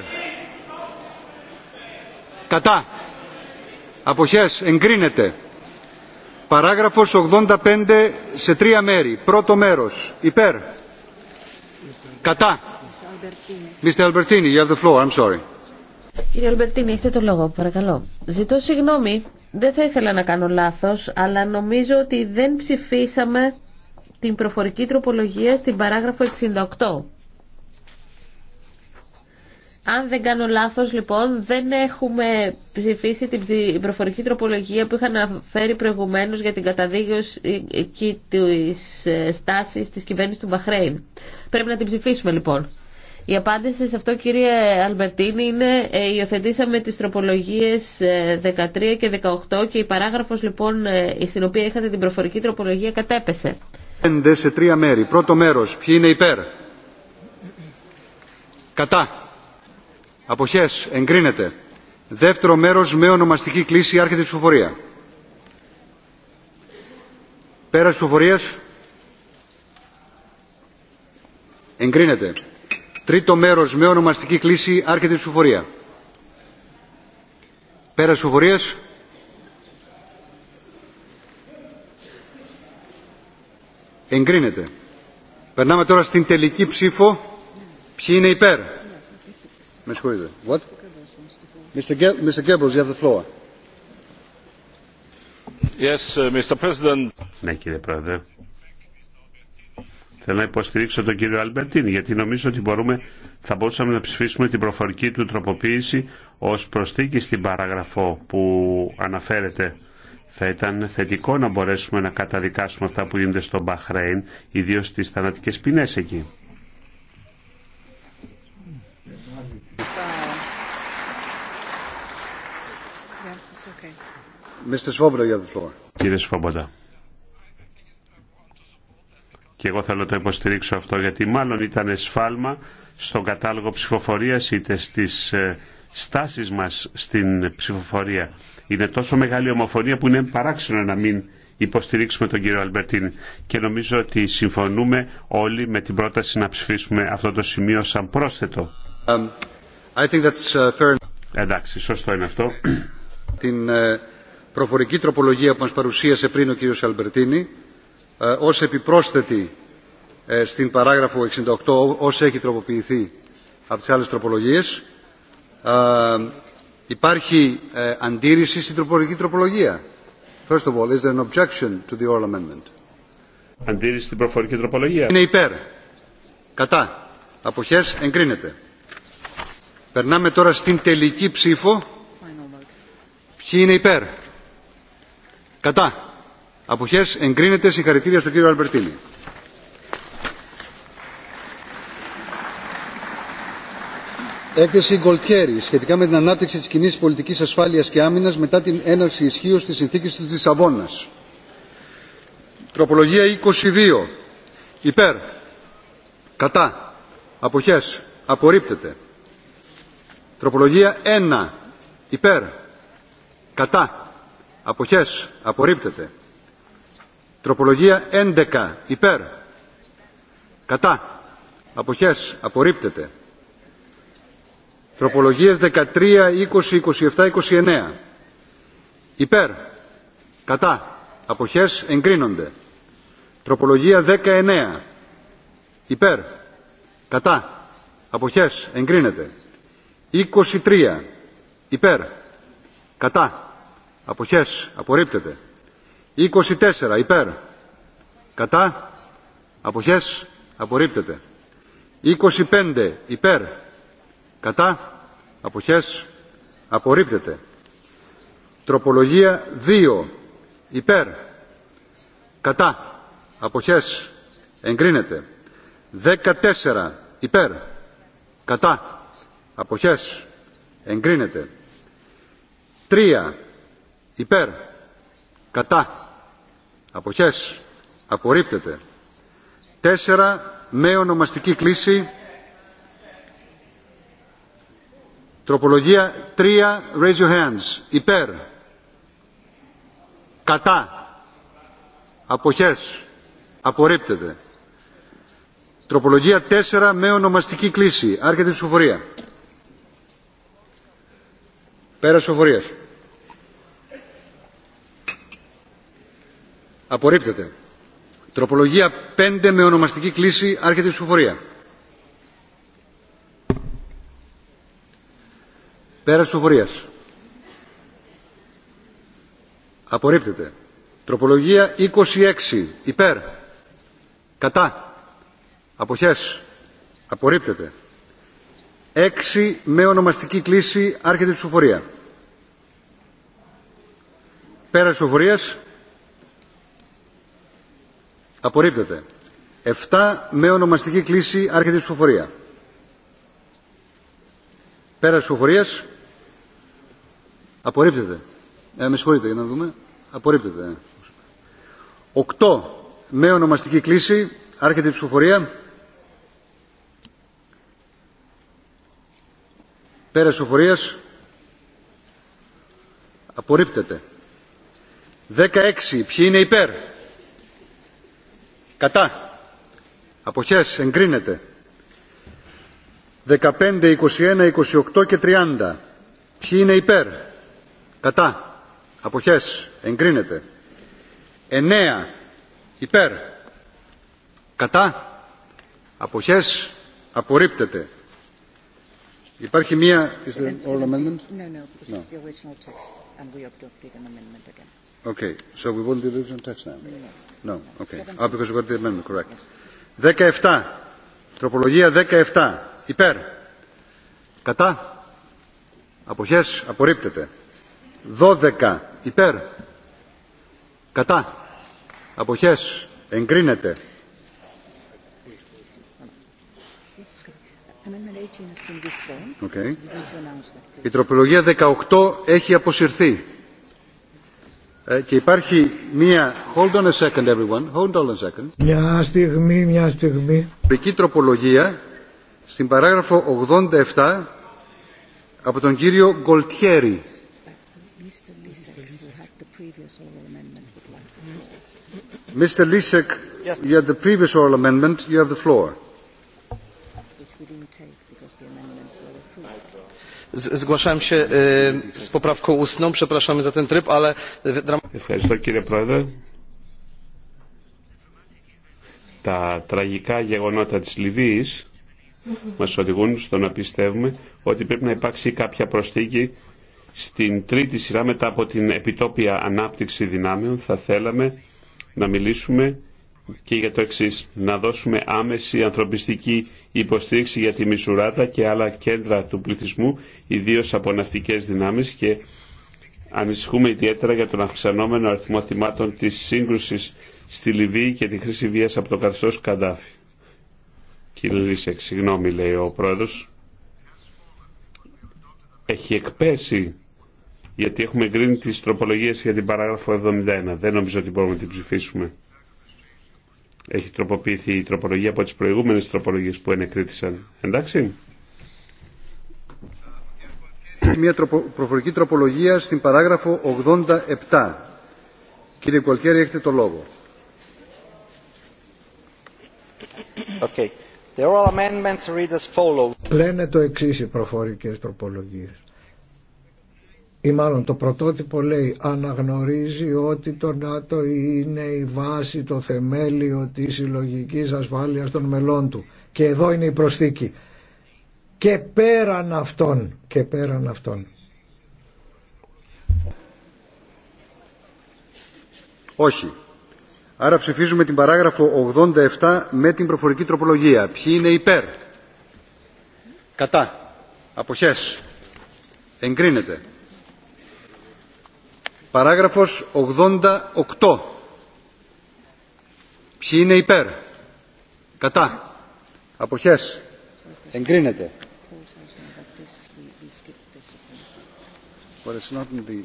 Κατά. Αποχές. Εγκρίνεται. Παράγραφος 85 σε τρία μέρη. Πρώτο μέρος. Υπέρ. Κατά. Mr. Albertini, you have the floor. I'm sorry. Κύριε Αλμπερτίνη, έχετε το λόγο, παρακαλώ. Ζητώ συγγνώμη, δεν θα ήθελα να κάνω λάθος, αλλά νομίζω ότι δεν ψηφίσαμε την προφορική τροπολογία στην παράγραφο 68. Αν δεν κάνω λάθος λοιπόν δεν έχουμε ψηφίσει την προφορική τροπολογία που είχα αναφέρει προηγουμένως για την καταδίγωση της ε, στάσης της κυβέρνησης του Μπαχρέιν. Πρέπει να την ψηφίσουμε λοιπόν. Η απάντηση σε αυτό κύριε Αλμπερτίνη είναι ε, υιοθετήσαμε τις τροπολογίες 13 ε, και 18 και η παράγραφος λοιπόν ε, στην οποία είχατε την προφορική τροπολογία κατέπεσε. Πέντε σε τρία μέρη. Πρώτο μέρος. Ποιοι είναι υπέρ. Κατά. Αποχές. Εγκρίνεται. Δεύτερο μέρος με ονομαστική κλίση άρχεται η ψηφοφορία. Πέρα ψηφοφορίας. Εγκρίνεται. Τρίτο μέρος με ονομαστική κλίση άρχεται ψηφοφορία. Πέρα ψηφοφορίας. Εγκρίνεται. Περνάμε τώρα στην τελική ψήφο. Ποιοι είναι υπέρ. Με συγχωρείτε. What? Mr. Mr. Goebbels, you have the floor. Yes, uh, Mr. President. Ναι, κύριε Πρόεδρε. Θέλω να υποστηρίξω τον κύριο Αλμπερτίνη, γιατί νομίζω ότι μπορούμε, θα μπορούσαμε να ψηφίσουμε την προφορική του τροποποίηση ως προσθήκη στην παραγραφό που αναφέρεται. Θα ήταν θετικό να μπορέσουμε να καταδικάσουμε αυτά που γίνονται στο Μπαχρέιν, ιδίως τις θανατικές ποινέ εκεί. Κύριε Σφόμποντα και εγώ θέλω να το υποστηρίξω αυτό γιατί μάλλον ήταν σφάλμα στον κατάλογο ψηφοφορίας είτε στις ε, στάσεις μας στην ψηφοφορία. Είναι τόσο μεγάλη ομοφωνία που είναι παράξενο να μην υποστηρίξουμε τον κύριο Αλμπερτίνη και νομίζω ότι συμφωνούμε όλοι με την πρόταση να ψηφίσουμε αυτό το σημείο σαν πρόσθετο. Um, I think that's uh, fair. Εντάξει, σωστό είναι αυτό. Την ε, προφορική τροπολογία που μας παρουσίασε πριν ο κύριος Αλμπερτίνη ε, ως επιπρόσθετη ε, στην παράγραφο 68 ως έχει τροποποιηθεί από τις άλλες τροπολογίες. Ε, υπάρχει αντίρρηση στην τροπολογική τροπολογία. First of all, is there an objection to the oral amendment? Αντίρρηση στην προφορική τροπολογία. Είναι υπέρ. Κατά. Αποχές εγκρίνεται. Περνάμε τώρα στην τελική ψήφο. Ποιοι είναι υπέρ. Κατά. Αποχές εγκρίνεται. Συγχαρητήρια στον κύριο Αλμπερτίνη. Έκθεση Γκολτιέρη σχετικά με την ανάπτυξη της κοινή πολιτικής ασφάλειας και άμυνας μετά την έναρξη ισχύω της συνθήκης της Λισαβόνας. Τροπολογία 22. Υπέρ. Κατά. Αποχές. Απορρίπτεται. Τροπολογία 1. Υπέρ. Κατά. Αποχές. Απορρίπτεται. Τροπολογία 11. Υπέρ. Κατά. Αποχές. Απορρίπτεται. Τροπολογίες 13, 20, 27, 29. Υπέρ. Κατά. Αποχές. Εγκρίνονται. Τροπολογία 19. Υπέρ. Κατά. Αποχές. Εγκρίνεται. 23. Υπέρ. Κατά. Αποχές. Απορρίπτεται. 24 υπέρ κατά αποχές απορρίπτεται 25 υπέρ κατά αποχές απορρίπτεται τροπολογία 2 υπέρ κατά αποχές εγκρίνεται 14 υπέρ κατά αποχές εγκρίνεται 3 υπέρ κατά αποχές απορρίπτεται Τέσσερα. με ονομαστική κλίση τροπολογία τρία. raise your hands υπέρ κατά αποχές απορρίπτεται τροπολογία 4 με ονομαστική κλίση άρχεται η ψηφοφορία Πέρα ψηφοφορίας Απορρίπτεται. Τροπολογία 5 με ονομαστική κλίση άρχεται η ψηφοφορία. Πέρα ψηφοφορία. Απορρίπτεται. Τροπολογία 26. Υπέρ. Κατά. Αποχές. Απορρίπτεται. 6 με ονομαστική κλίση άρχεται η ψηφοφορία. Πέρα ψηφοφορία. Απορρίπτεται. 7 με ονομαστική κλίση άρχεται η ψηφοφορία. Πέρα ψηφοφορία. Απορρίπτεται. Ε, με συγχωρείτε για να δούμε. Απορρίπτεται. 8 με ονομαστική κλίση άρχεται η ψηφοφορία. Πέρα ψηφοφορία. Απορρίπτεται. 16. Ποιοι είναι υπέρ κατά αποχές εγκρίνεται 15, 21, 28 και 30 ποιοι είναι υπέρ κατά αποχές εγκρίνεται 9 υπέρ κατά αποχές απορρίπτεται Υπάρχει μία... Is there No, no, the original text and amendment again. Okay, so we won't do the original text now. No, okay. 17. Τροπολογία 17. Υπέρ. Κατά. Αποχές. Απορρίπτεται. 12. Υπέρ. Κατά. Αποχές. Εγκρίνεται. Okay. Η τροπολογία 18 έχει αποσυρθεί και υπάρχει μία... Hold on a second everyone. Hold on a second. Μια στιγμή, μια στιγμή. Πρική τροπολογία στην παράγραφο 87 από τον κύριο Γκολτιέρη. Mr. Lisek, you had the previous oral amendment. You have the floor. Zgłaszałem Ευχαριστώ κύριε Πρόεδρε. Τα τραγικά γεγονότα της Λιβύης μας οδηγούν στο να πιστεύουμε ότι πρέπει να υπάρξει κάποια προσθήκη στην τρίτη σειρά μετά από την επιτόπια ανάπτυξη δυνάμεων θα θέλαμε να μιλήσουμε και για το εξή. Να δώσουμε άμεση ανθρωπιστική υποστήριξη για τη Μισουράτα και άλλα κέντρα του πληθυσμού, ιδίω από ναυτικέ δυνάμει και ανησυχούμε ιδιαίτερα για τον αυξανόμενο αριθμό θυμάτων τη σύγκρουση στη Λιβύη και τη χρήση βία από το καθεστώ Καντάφη. Κύριε Λίσεκ, συγγνώμη, λέει ο πρόεδρο. Έχει εκπέσει γιατί έχουμε εγκρίνει τις τροπολογίες για την παράγραφο 71. Δεν νομίζω ότι μπορούμε να την ψηφίσουμε έχει τροποποιηθεί η τροπολογία από τις προηγούμενες τροπολογίες που ενεκρίθησαν. Εντάξει. Μια προφορική τροπολογία στην παράγραφο 87. Κύριε Κουαλτιέρη, έχετε το λόγο. Okay. Λένε το εξής οι προφορικές τροπολογίες ή μάλλον το πρωτότυπο λέει αναγνωρίζει ότι το ΝΑΤΟ είναι η βάση, το θεμέλιο της συλλογική ασφάλειας των μελών του. Και εδώ είναι η προσθήκη. Και πέραν αυτών, και πέραν αυτών. Όχι. Άρα ψηφίζουμε την παράγραφο 87 με την προφορική τροπολογία. Ποιοι είναι υπέρ. Κατά. Αποχές. Εγκρίνεται. Παράγραφος 88. Ποιοι είναι υπέρ. Κατά. Αποχές. Εγκρίνεται. But it's not in the...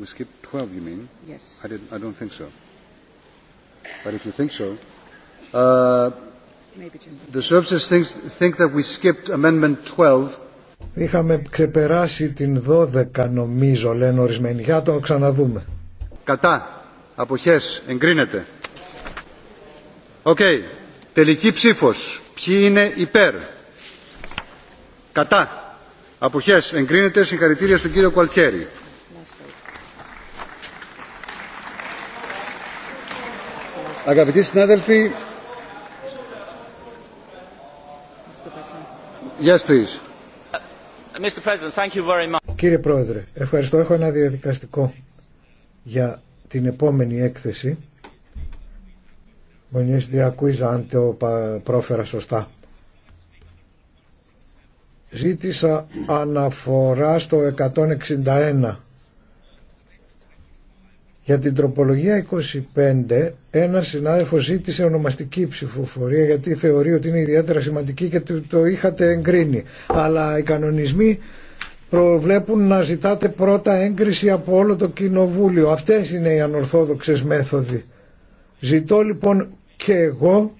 We skipped 12, you mean? Yes. I, didn't, I don't think so. But if you think so... Uh, the services thinks, think that we skipped Amendment 12 Είχαμε ξεπεράσει την 12 νομίζω λένε ορισμένοι. Για το ξαναδούμε. Κατά. Αποχές. Εγκρίνεται. Οκ. Τελική ψήφος. Ποιοι είναι υπέρ. Κατά. Αποχές. Εγκρίνεται. Συγχαρητήρια στον κύριο Κουαλτιέρη. Αγαπητοί συνάδελφοι. Yes, please. Κύριε Πρόεδρε, ευχαριστώ. Έχω ένα διαδικαστικό για την επόμενη έκθεση. Μονιές Διακούιζα, αν το πρόφερα σωστά. Ζήτησα αναφορά στο 161 για την τροπολογία 25 ένα συνάδελφο ζήτησε ονομαστική ψηφοφορία γιατί θεωρεί ότι είναι ιδιαίτερα σημαντική και το είχατε εγκρίνει. Αλλά οι κανονισμοί προβλέπουν να ζητάτε πρώτα έγκριση από όλο το κοινοβούλιο. Αυτές είναι οι ανορθόδοξες μέθοδοι. Ζητώ λοιπόν και εγώ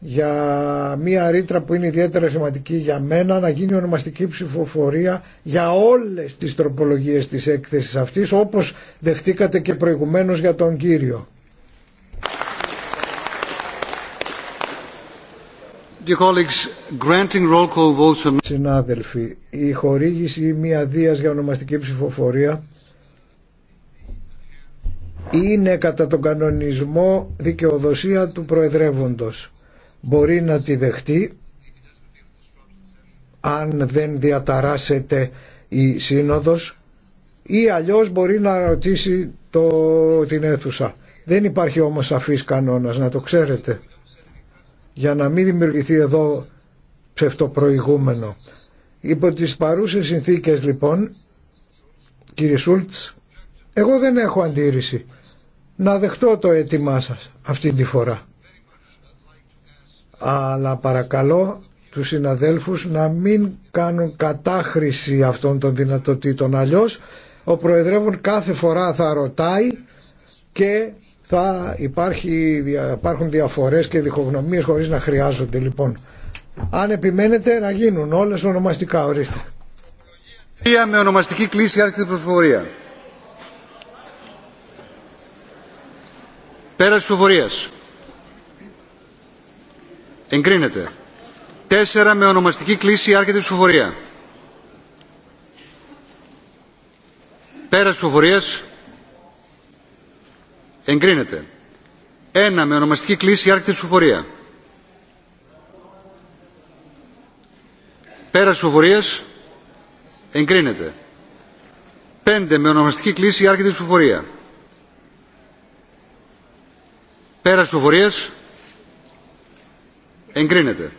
για μία ρήτρα που είναι ιδιαίτερα σημαντική για μένα να γίνει ονομαστική ψηφοφορία για όλες τις τροπολογίες της έκθεσης αυτής όπως δεχτήκατε και προηγουμένως για τον κύριο. Συνάδελφοι, η χορήγηση μία δίας για ονομαστική ψηφοφορία είναι κατά τον κανονισμό δικαιοδοσία του Προεδρεύοντος μπορεί να τη δεχτεί αν δεν διαταράσσεται η σύνοδος ή αλλιώς μπορεί να ρωτήσει το, την αίθουσα. Δεν υπάρχει όμως σαφής κανόνας, να το ξέρετε, για να μην δημιουργηθεί εδώ ψευτοπροηγούμενο. Υπό τις παρούσες συνθήκες λοιπόν, κύριε Σούλτς, εγώ δεν έχω αντίρρηση. Να δεχτώ το αίτημά σας αυτή τη φορά αλλά παρακαλώ τους συναδέλφους να μην κάνουν κατάχρηση αυτών των δυνατοτήτων αλλιώς ο Προεδρεύων κάθε φορά θα ρωτάει και θα υπάρχει, υπάρχουν διαφορές και διχογνωμίες χωρίς να χρειάζονται λοιπόν. Αν επιμένετε να γίνουν όλες ονομαστικά, ορίστε. Με ονομαστική κλίση άρχεται προσφορία. Εγκρίνεται. Τέσσερα με ονομαστική κλίση άρχεται ψηφοφορία. Πέρα ψηφοφορίας. Εγκρίνεται. Ένα με ονομαστική κλίση άρχεται ψηφοφορία. Πέρα ψηφοφορίας. Εγκρίνεται. Πέντε με ονομαστική κλίση άρχεται ψηφοφορία. Πέρα ψηφοφορίας. Εγκρίνεται.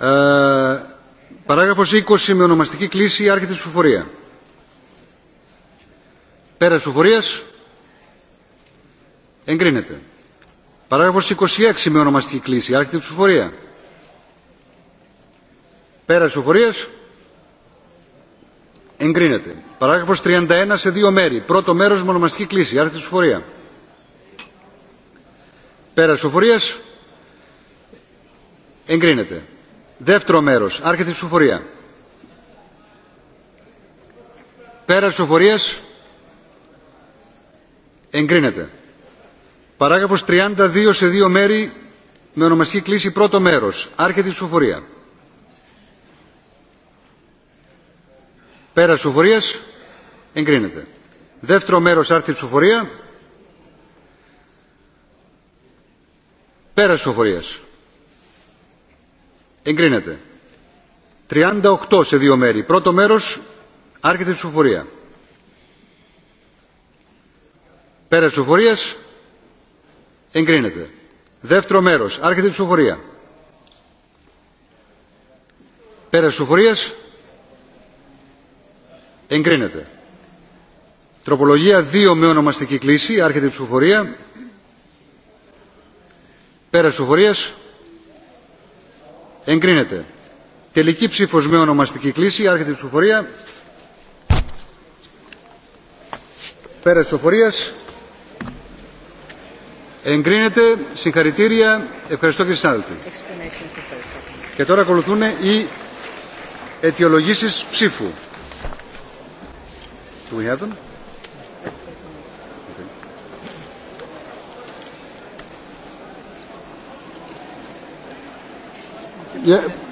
Ε, παράγραφος 20 με ονομαστική κλίση άρχεται ψηφοφορία. Πέρα ψηφοφορίας. Εγκρίνεται. Παράγραφος 26 με ονομαστική κλίση άρχεται ψηφοφορία. Πέρα ψηφοφορίας. Εγκρίνεται. Παράγραφος 31 σε δύο μέρη. Πρώτο μέρος με ονομαστική κλίση άρχεται ψηφοφορία. Πέρα ψηφοφορίας. Εγκρίνεται. Δεύτερο μέρος. Άρχεται η ψηφοφορία. Πέρα ψηφοφορίας. Εγκρίνεται. Παράγραφος 32 σε δύο μέρη με ονομασία κλίση πρώτο μέρος. Άρχεται η ψηφοφορία. Πέρα ψηφοφορίας. Εγκρίνεται. Δεύτερο μέρος. Άρχεται η ψηφοφορία. Πέρα ψηφοφορίας εγκρίνεται 38 σε δύο μέρη πρώτο μέρος άρχεται η ψηφοφορία πέρας ψηφοφορίας εγκρίνεται δεύτερο μέρος άρχεται η ψηφοφορία πέρας ψηφοφορίας εγκρίνεται τροπολογία 2 με ονομαστική κλίση άρχεται η ψηφοφορία πέρας ψηφοφορίας εγκρίνεται. Τελική ψήφος με ονομαστική κλίση, άρχεται η ψηφοφορία. Πέρα της ψηφοφορίας. Εγκρίνεται. Συγχαρητήρια. Ευχαριστώ και συνάδελφοι. Και τώρα ακολουθούν οι αιτιολογήσεις ψήφου. Do we have Yeah.